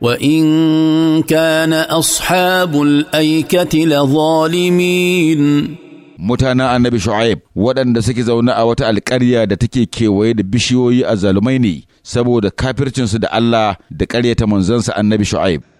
وان كان اصحاب الايكه لظالمين mutanen annabi shu'aib waɗanda suke zaune a wata alƙarya da take kewaye da bishiyoyi a zalumai ne saboda kafircinsu da Allah da ta manzansa annabi shu'aib